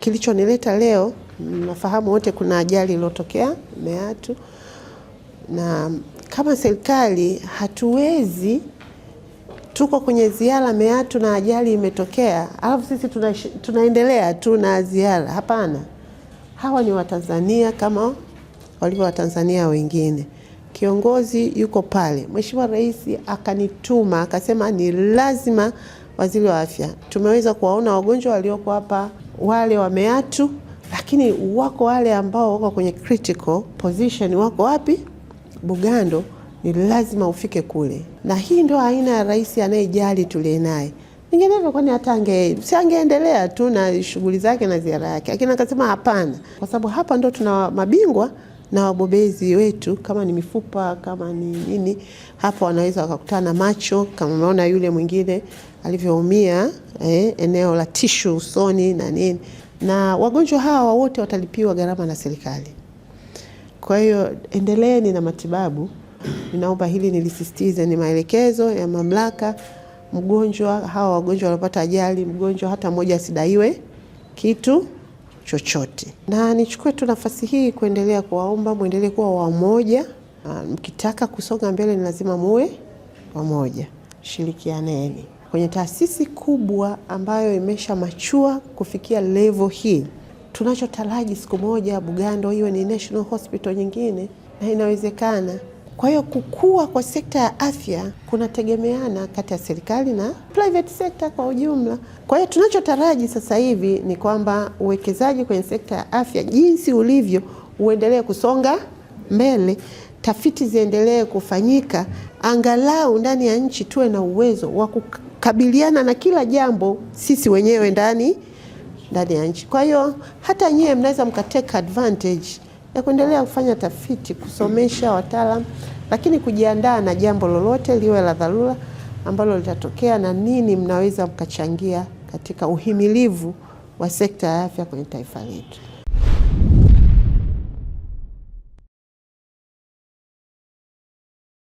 Kilichonileta leo, nafahamu wote kuna ajali iliyotokea Meatu, na kama serikali hatuwezi, tuko kwenye ziara Meatu na ajali imetokea, alafu sisi tuna, tunaendelea tu na ziara. Hapana, hawa ni Watanzania kama walivyo Watanzania wengine. Kiongozi yuko pale, Mheshimiwa Rais akanituma akasema ni lazima waziri wa afya, tumeweza kuwaona wagonjwa walioko hapa wale wameatu, lakini wako wale ambao wako kwenye critical position. Wako wapi? Bugando ni lazima ufike kule, na hii ndio aina ya rais anayejali tulie naye. Ningenevyo kwani hata ange si angeendelea tu na shughuli zake na ziara yake, lakini akasema hapana, kwa sababu hapa ndo tuna mabingwa na wabobezi wetu, kama ni mifupa, kama ni nini, hapo wanaweza wakakutana macho, kama umeona yule mwingine alivyoumia eh, eneo la tishu usoni na nini, na wagonjwa hawa wote watalipiwa gharama na serikali. Kwa hiyo endeleeni na matibabu. Ninaomba hili nilisisitize, ni maelekezo ya mamlaka. Mgonjwa hawa wagonjwa waliopata ajali, mgonjwa hata mmoja asidaiwe kitu chochote. Na nichukue tu nafasi hii kuendelea kuwaomba mwendelee kuwa wamoja. Mkitaka kusonga mbele, ni lazima muwe wamoja, shirikianeni kwenye taasisi kubwa ambayo imesha machua kufikia levo hii. Tunachotaraji siku moja Bugando iwe ni national hospital nyingine, na inawezekana. Kwa hiyo kukua kwa sekta ya afya kunategemeana kati ya serikali na private sector kwa ujumla. Kwa hiyo tunachotaraji sasa hivi ni kwamba uwekezaji kwenye sekta ya afya jinsi ulivyo uendelee kusonga mbele, tafiti ziendelee kufanyika, angalau ndani ya nchi tuwe na uwezo wa kukabiliana na kila jambo sisi wenyewe ndani ndani ya nchi. Kwa hiyo hata nyiwe mnaweza mkateka advantage na kuendelea kufanya tafiti, kusomesha wataalamu, lakini kujiandaa na jambo lolote liwe la dharura ambalo litatokea, na nini mnaweza mkachangia katika uhimilivu wa sekta ya afya kwenye taifa letu.